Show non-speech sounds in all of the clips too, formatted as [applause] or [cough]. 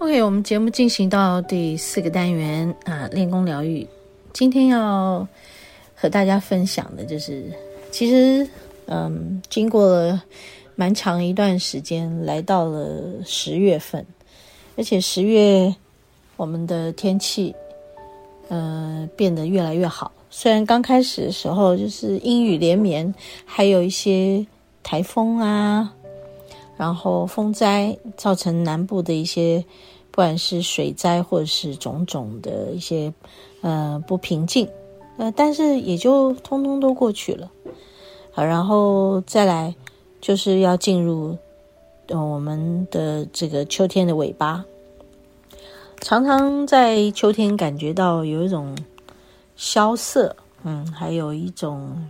OK，我們節目進行到第四個單元啊，呃，練功療癒。今天要和大家分享的就是，其實，嗯，經過了蠻長一段時間，來到了十月份，而且十月我們的天氣，呃，變得越來越好。雖然剛開始的時候就是陰雨連綿，還有一些台風啊，然後風災造成南部的一些，不管是水災或者是種種的一些呃不平靜，呃，但是也就通通都過去了。好，然後再來就是要進入呃，我們的這個秋天的尾巴。常常在秋天感覺到有一種。蕭瑟，嗯，還有一種，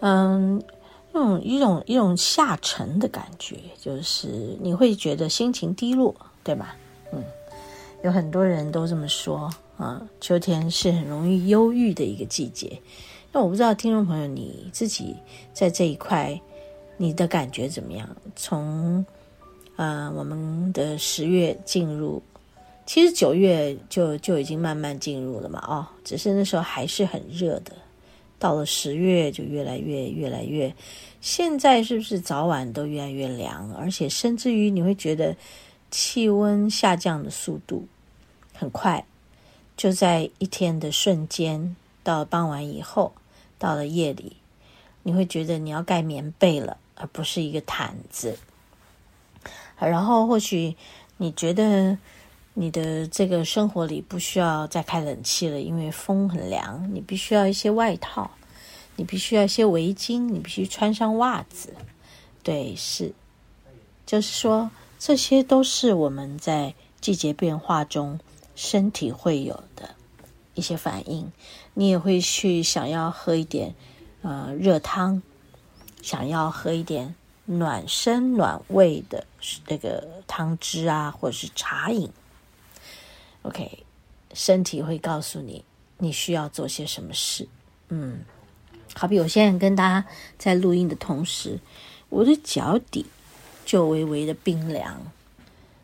嗯，一種一種一種下沉的感覺，就是你會覺得心情低落，對吧？嗯，有很多人都這麼說，啊，秋天是很容易憂鬱的一個季節。那我不知道聽眾朋友你自己在這一塊，你的感覺怎麼樣？從啊，呃，我們的十月進入。其實九月就就已經慢慢進入了嘛，哦，只是那時候還是很熱的。到了十月就越來越，越來越，現在是不是早晚都越來越涼？而且甚至於你會覺得氣溫下降的速度很快，就在一天的瞬間，到了傍晚以後，到了夜裡，你會覺得你要蓋棉被了，而不是一個毯子。然後或許你覺得。你的這個生活裡不需要再開冷氣了，因為風很涼。你必須要一些外套，你必須要一些圍巾，你必須穿上襪子。對，是，就是說，這些都是我們在季節變化中身體會有的一些反應。你也會去想要喝一點呃熱湯，想要喝一點暖身暖胃的那個湯汁啊，或者是茶飲。OK，身體會告訴你，你需要做些什麼事。嗯，好比我現在跟大家在錄音的同時，我的腳底就微微的冰涼，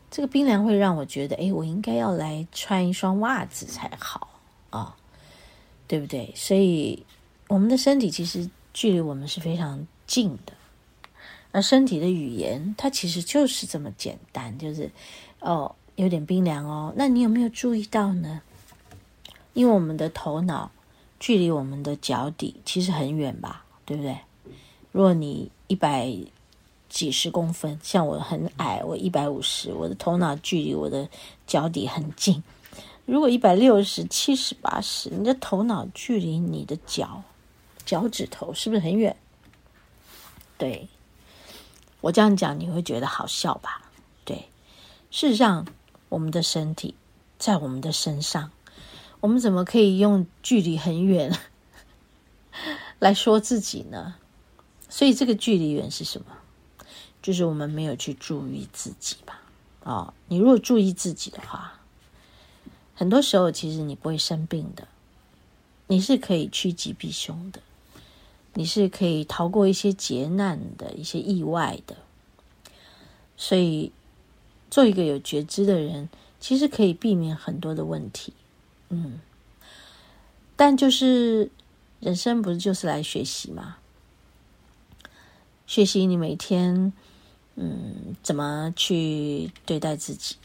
這個冰涼會讓我覺得，哎，我應該要來穿一雙襪子才好啊，哦，對不對？所以我們的身體其實距離我們是非常近的，而身體的語言它其實就是這麼簡單，就是哦。有點冰涼哦，那你有沒有注意到呢？因為我們的頭腦距離我們的腳底其實很遠吧，對不對？如果你一百幾十公分，像我很矮，我一百五十，我的頭腦距離我的腳底很近；如果一百六十七十八十，你的頭腦距離你的腳腳趾頭是不是很遠？對，我這樣講你會覺得好笑吧？對，事實上。我們的身體在我們的身上，我們怎麼可以用距離很遠來說自己呢？所以這個距離遠是什麼？就是我們沒有去注意自己吧。啊、哦，你如果注意自己的話，很多時候其實你不會生病的，你是可以趨吉避凶的，你是可以逃過一些劫難的一些意外的。所以。做一個有覺知的人，其實可以避免很多的問題，嗯。但就是，人生不是就是來學習嗎？學習你每天，嗯，怎麼去對待自己，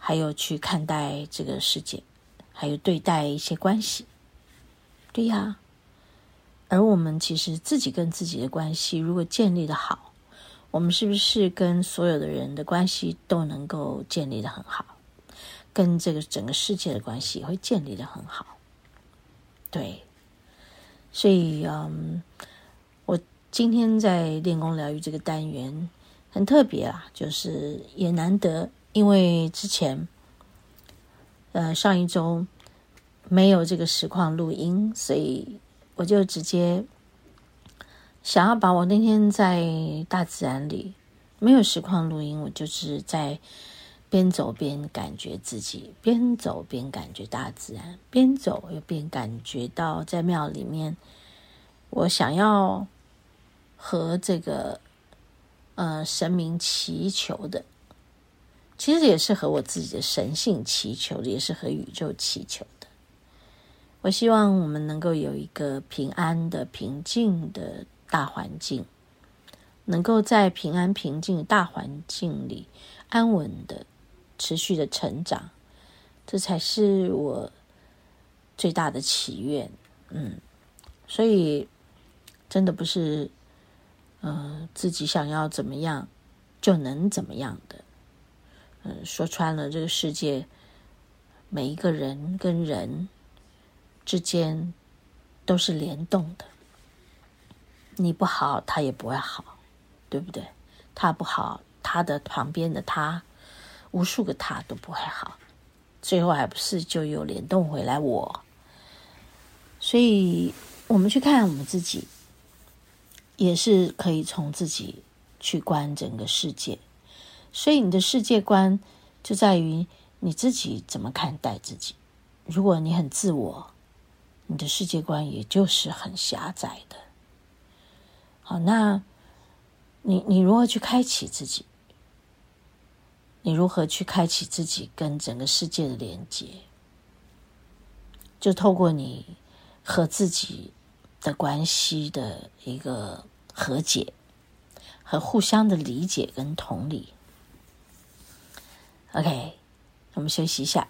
還有去看待這個世界，還有對待一些關係，對呀。而我們其實自己跟自己的關係，如果建立的好。我們是不是跟所有的人的關係都能夠建立得很好？跟這個整個世界的關係會建立得很好，對。所以，嗯，我今天在練功療癒這個單元很特別啊，就是也難得，因為之前，呃，上一周沒有這個實況錄音，所以我就直接。想要把我那天在大自然裡沒有實況錄音，我就是在邊走邊感覺自己，邊走邊感覺大自然，邊走又邊感覺到在廟裡面，我想要和這個呃神明祈求的，其實也是和我自己的神性祈求的，也是和宇宙祈求的。我希望我們能夠有一個平安的、平靜的。大環境能夠在平安、平靜的大環境裡安穩的、持續的成長，這才是我最大的祈願。嗯，所以真的不是，嗯、呃，自己想要怎麼樣就能怎麼樣的。嗯，說穿了，這個世界每一個人跟人之間都是聯動的。你不好，他也不會好，對不對？他不好，他的旁邊的他，無數個他都不會好，最後還不是就又聯動回來我？所以我們去看我們自己，也是可以從自己去觀整個世界。所以你的世界觀就在於你自己怎麼看待自己。如果你很自我，你的世界觀也就是很狹窄的。好，哦，那你你如何去開啟自己？你如何去開啟自己跟整個世界的連接？就透過你和自己的關係的一個和解和互相的理解跟同理。OK，我們休息一下。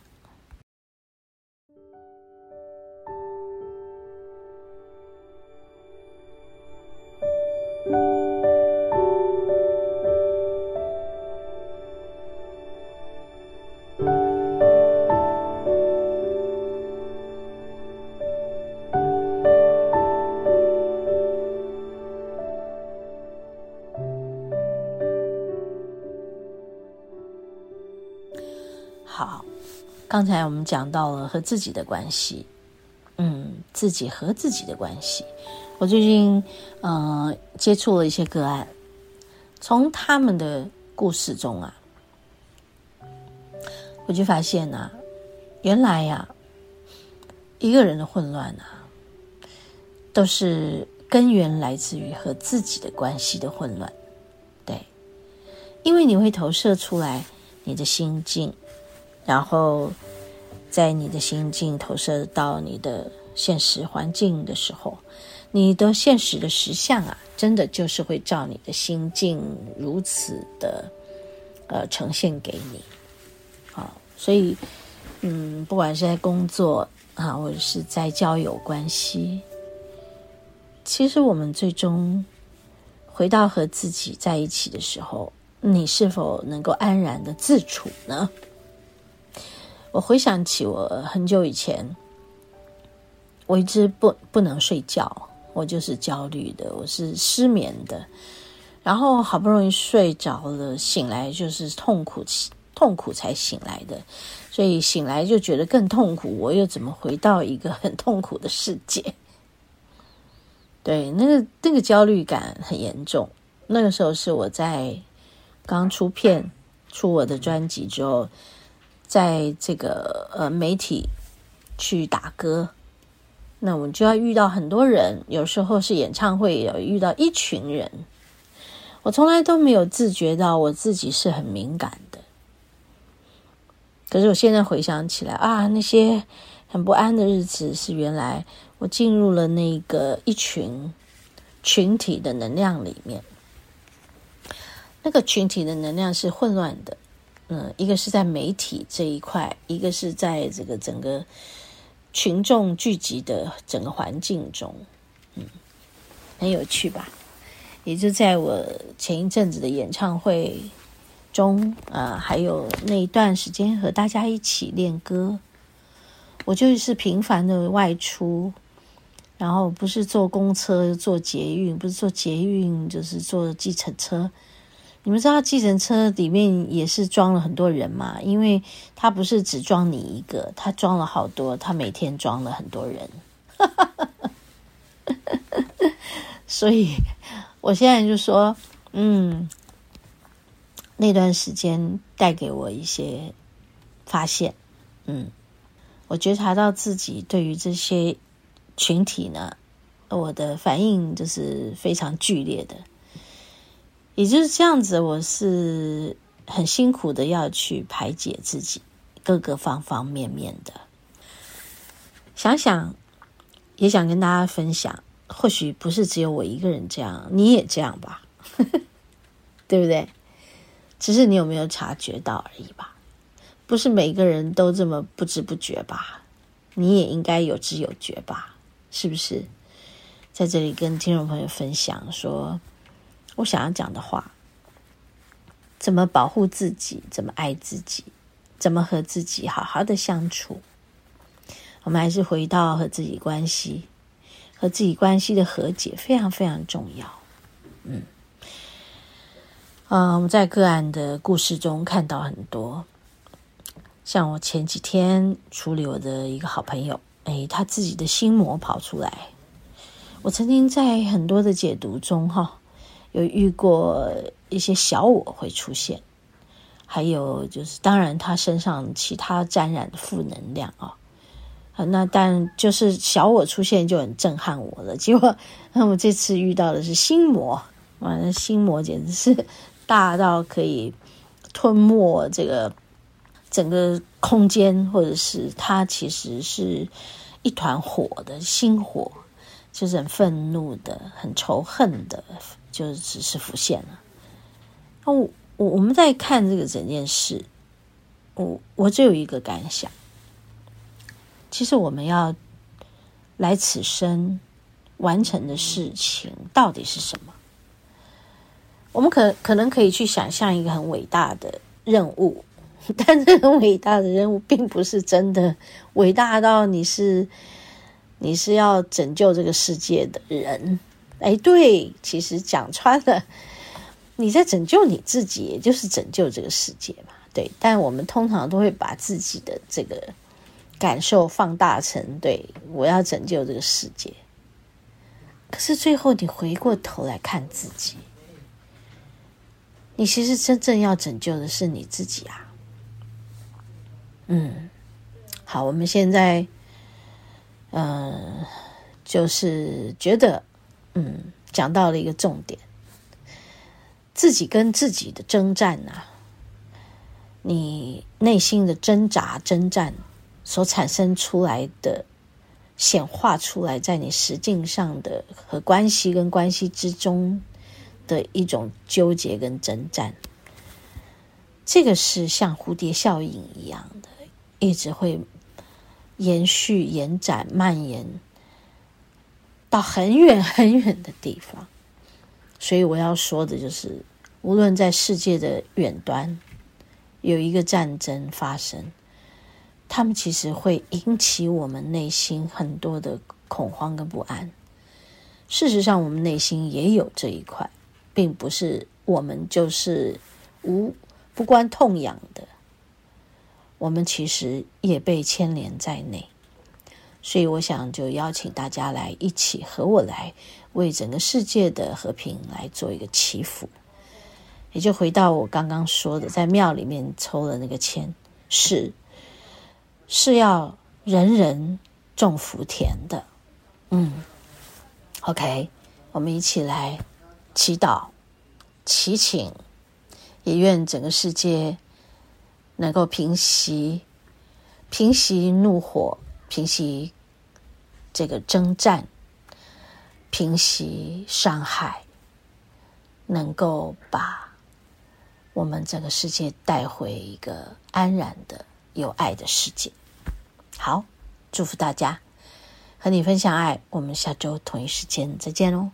剛才我們講到了和自己的關係，嗯，自己和自己的關係。我最近呃接觸了一些個案，從他們的故事中啊，我就發現吶、啊，原來呀、啊，一個人的混亂啊，都是根源來自於和自己的關係的混亂，對，因為你會投射出來你的心境，然後，在你的心境投射到你的現實環境的時候，你的現實的實相啊，真的就是會照你的心境如此的呃呈現給你。啊，所以嗯，不管是在工作啊，或者是在交友關係，其實我們最終回到和自己在一起的時候，你是否能夠安然的自處呢？我回想起我很久以前，我一直不不能睡覺，我就是焦慮的，我是失眠的。然後好不容易睡着了，醒來就是痛苦，痛苦才醒來的，所以醒來就覺得更痛苦。我又怎麼回到一個很痛苦的世界？對，那個那個焦慮感很嚴重。那個時候是我在剛出片、出我的專輯之後。在這個呃媒體去打歌，那我就要遇到很多人，有時候是演唱會，有遇到一群人。我從來都沒有自覺到我自己是很敏感的，可是我現在回想起來啊，那些很不安的日子是原來我進入了那個一群群體的能量裡面，那個群體的能量是混亂的。嗯，一個是在媒體這一塊，一個是在這個整個群眾聚集的整個環境中，嗯，很有趣吧？也就在我前一陣子的演唱會中啊，還有那一段時間和大家一起練歌，我就是頻繁的外出，然後不是坐公車，坐捷運，不是坐捷運就是坐計程車。你們知道，計程車裡面也是裝了很多人嘛，因為他不是只裝你一個，他裝了好多，他每天裝了很多人。哈哈哈，所以，我現在就說，嗯，那段時間帶給我一些發現，嗯，我覺察到自己對於這些群體呢，我的反應就是非常劇烈的。也就是這樣子，我是很辛苦的，要去排解自己各個方方面面的。想想，也想跟大家分享，或許不是只有我一個人這樣，你也這樣吧， [laughs] 對不對？只是你有沒有察覺到而已吧？不是每個人都這麼不知不覺吧？你也應該有知有覺吧？是不是？在這裡跟聽眾朋友分享說。我想要講的話，怎麼保護自己？怎麼愛自己？怎麼和自己好好的相處？我們還是回到和自己關係，和自己關係的和解非常非常重要。嗯，呃、嗯，我在個案的故事中看到很多，像我前幾天處理我的一個好朋友，誒、哎，他自己的心魔跑出來。我曾經在很多的解讀中，哈。有遇過一些小我會出現，還有就是，當然他身上其他沾染的負能量啊，啊那但就是小我出現就很震撼我的。結果那我這次遇到的是心魔，完了心魔簡直是大到可以吞沒這個整個空間，或者是它其實是一團火的心火，就是很憤怒的，很仇恨的。就是只是浮現了。那我我我們在看這個整件事，我我只有一個感想。其實我們要來此生完成的事情到底是什麼？我們可可能可以去想象一個很偉大的任務，但這個偉大的任務並不是真的偉大到你是你是要拯救這個世界的人。哎，對，其實講穿了，你在拯救你自己，也就是拯救這個世界嘛。對，但我們通常都會把自己的這個感受放大成“對我要拯救這個世界”，可是最後你回過頭來看自己，你其實真正要拯救的是你自己啊。嗯，好，我們現在，嗯、呃，就是覺得。嗯，講到了一個重點，自己跟自己的征戰吶、啊，你內心的掙扎、征戰所產生出來的顯化出來，在你實境上的和關係跟關係之中的一種糾結跟征戰，這個是像蝴蝶效應一樣的，一直會延續、延展、蔓延。到很遠很遠的地方，所以我要說的就是，無論在世界的遠端有一個戰爭發生，他們其實會引起我們內心很多的恐慌跟不安。事實上，我們內心也有這一塊，並不是我們就是無，不關痛癢的，我們其實也被牽連在內。所以，我想就邀請大家來一起和我來為整個世界的和平來做一個祈福，也就回到我剛剛說的，在廟裡面抽了那個籤，是是要人人種福田的。嗯，OK，我們一起來祈禱、祈請，也願整個世界能夠平息、平息怒火。平息這個征戰，平息傷害，能夠把我們這個世界帶回一個安然的、有愛的世界。好，祝福大家，和你分享愛。我們下周同一時間再見嘍。